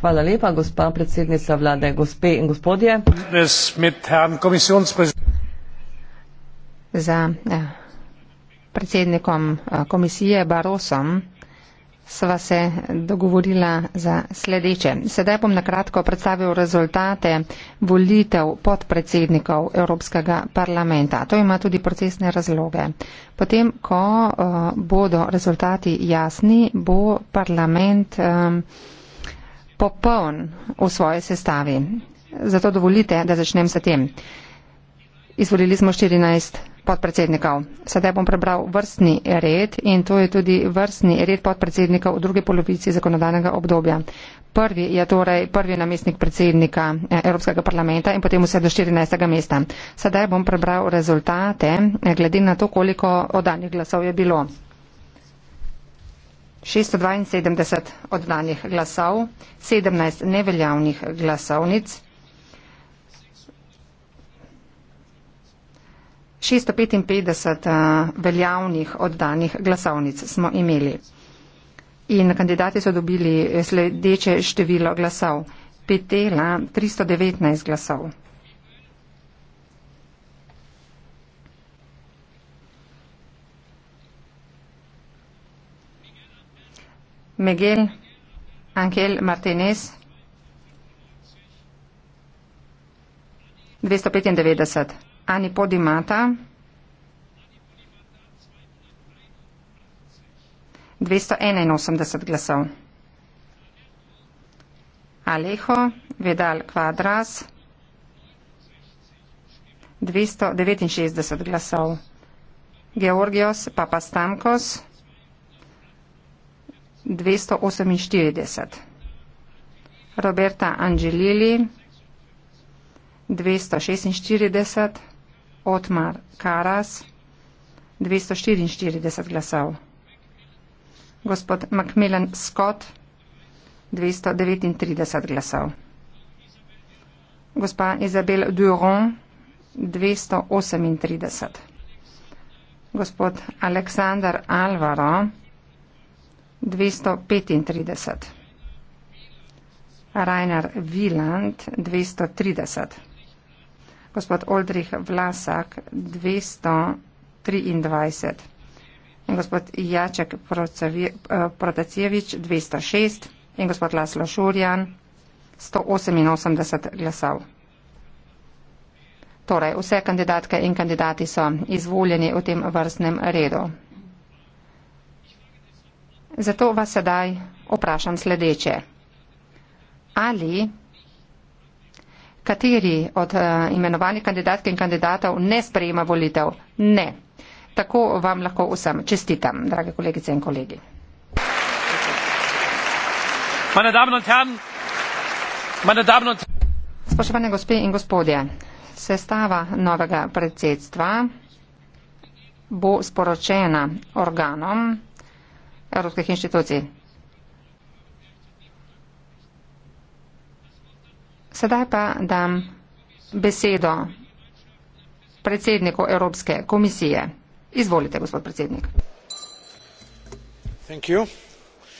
Hvala lepa, gospa predsednica vlade, gospe in gospodje. Za eh, predsednikom eh, komisije Barosom sva se dogovorila za sledeče. Sedaj bom nakratko predstavil rezultate volitev podpredsednikov Evropskega parlamenta. To ima tudi procesne razloge. Potem, ko uh, bodo rezultati jasni, bo parlament um, popoln v svoje sestavi. Zato dovolite, da začnem s tem. Izvolili smo 14 podpredsednikov. Sedaj bom prebral vrstni red in to je tudi vrstni red podpredsednikov v druge polovici zakonodajnega obdobja. Prvi je torej prvi namestnik predsednika eh, Evropskega parlamenta in potem vse do 14. mesta. Sedaj bom prebral rezultate eh, glede na to, koliko oddanih glasov je bilo. 672 oddanih glasov, 17 neveljavnih glasovnic. 655 eh, veljavnih oddanih glasovnic smo imeli. In kandidati so dobili sledeče število glasov. Petela 319 glasov. Miguel Angel Martinez 295. Anipod imata 281 glasov. Alejo Vedal Kvadras 269 glasov. Georgios Papastankos 248. Roberta Angelili 246. Otmar Karas 244 glasov. Gospod Macmillan Scott 239 glasov. Gospa Izabel Durand 238. Gospod Aleksandar Alvaro 235. Rainer Wieland 230 gospod Oldrih Vlasak 223 in gospod Jaček Protacijevič 206 in gospod Laslo Šurjan 188 glasov. Torej, vse kandidatke in kandidati so izvoljeni v tem vrstnem redu. Zato vas sedaj oprašam sledeče. Ali kateri od uh, imenovanih kandidatk in kandidatov ne sprejema volitev. Ne. Tako vam lahko vsem čestitam, drage kolegice in kolegi. Spoštovane gospe in gospodje, sestava novega predsedstva bo sporočena organom evropskih inštitucij. Sedaj pa dam besedo predsedniku Evropske komisije. Izvolite, gospod predsednik. Thank you.